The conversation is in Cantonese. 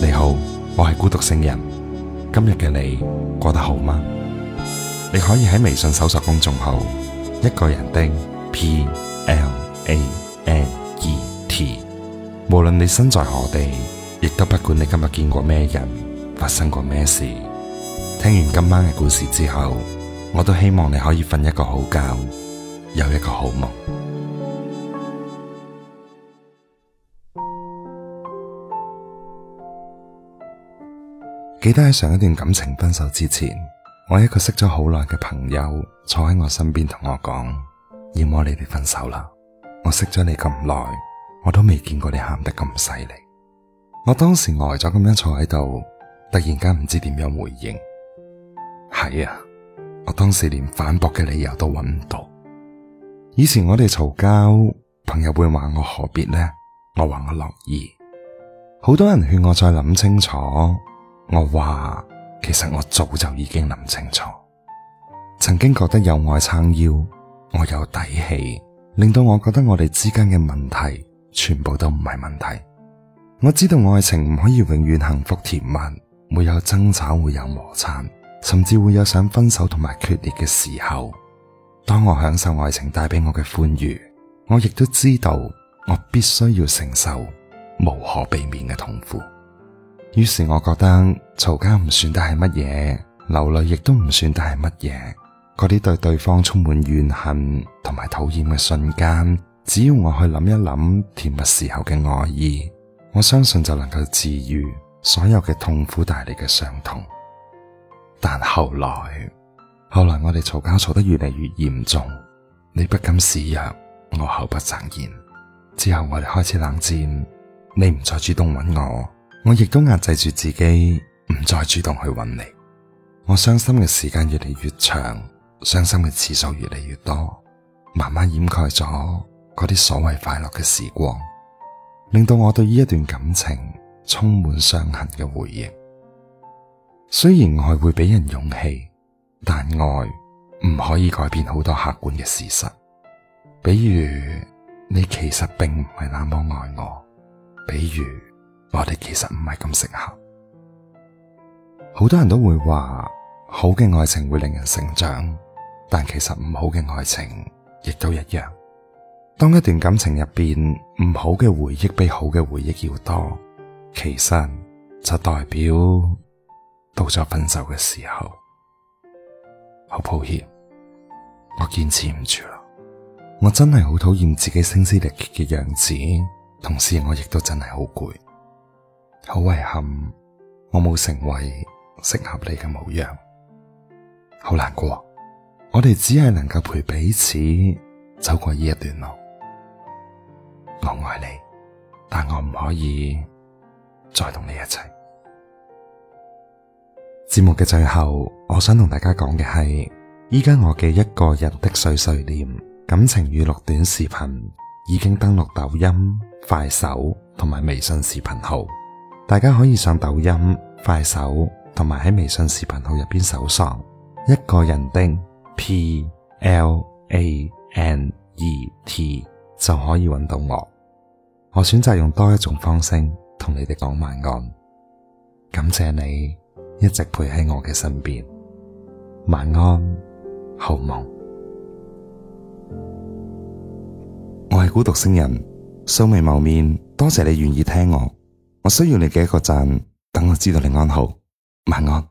你好，我係孤獨星人。今日嘅你過得好嗎？你可以喺微信搜索公眾號一個人的 P L A N E T。無論你身在何地，亦都不管你今日見過咩人，發生過咩事。聽完今晚嘅故事之後，我都希望你可以瞓一個好覺，有一個好夢。記得喺上一段感情分手之前，我一個識咗好耐嘅朋友坐喺我身邊同我講：要唔要你哋分手啦？我識咗你咁耐，我都未見過你喊得咁犀利。我當時呆咗咁樣坐喺度，突然間唔知點樣回應。係啊，我當時連反駁嘅理由都揾唔到。以前我哋嘈交，朋友會話我何必呢？我話我樂意。好多人勸我再諗清楚。我話其實我早就已經諗清楚，曾經覺得有愛撐腰，我有底氣，令到我覺得我哋之間嘅問題全部都唔係問題。我知道愛情唔可以永遠幸福甜蜜，會有爭吵，會有摩擦，甚至會有想分手同埋決裂嘅時候。當我享受愛情帶俾我嘅歡愉，我亦都知道我必須要承受無可避免嘅痛苦。於是我覺得嘈交唔算得係乜嘢，流淚亦都唔算得係乜嘢。嗰啲對對方充滿怨恨同埋討厭嘅瞬間，只要我去諗一諗甜蜜時候嘅愛意，我相信就能夠治愈所有嘅痛苦帶嚟嘅傷痛。但後來，後來我哋嘈交吵得越嚟越嚴重，你不甘示弱，我口不擇言。之後我哋開始冷戰，你唔再主動揾我。我亦都壓制住自己，唔再主動去揾你。我傷心嘅時間越嚟越長，傷心嘅次數越嚟越多，慢慢掩蓋咗嗰啲所謂快樂嘅時光，令到我對呢一段感情充滿傷痕嘅回憶。雖然愛會俾人勇氣，但愛唔可以改變好多客觀嘅事實。比如你其實並唔係那麼愛我，比如。我哋其實唔係咁適合，好多人都會話好嘅愛情會令人成長，但其實唔好嘅愛情亦都一樣。當一段感情入邊唔好嘅回憶比好嘅回憶要多，其實就代表到咗分手嘅時候，好抱歉，我堅持唔住啦，我真係好討厭自己聲嘶力竭嘅樣子，同時我亦都真係好攰。好遺憾，我冇成為適合你嘅模樣，好難過。我哋只係能夠陪彼此走過呢一段路。我愛你，但我唔可以再同你一齊。節目嘅最後，我想同大家講嘅係，依家我嘅一個人的碎碎念感情娛樂短視頻已經登錄抖音、快手同埋微信視頻號。大家可以上抖音、快手，同埋喺微信視頻號入邊搜索一個人的 P L A N E T 就可以揾到我。我選擇用多一種方式同你哋講晚安，感謝你一直陪喺我嘅身邊。晚安，好夢。我係孤獨星人，素未謀面，多謝你願意聽我。我需要你畀個讚，等我知道你安好，晚安。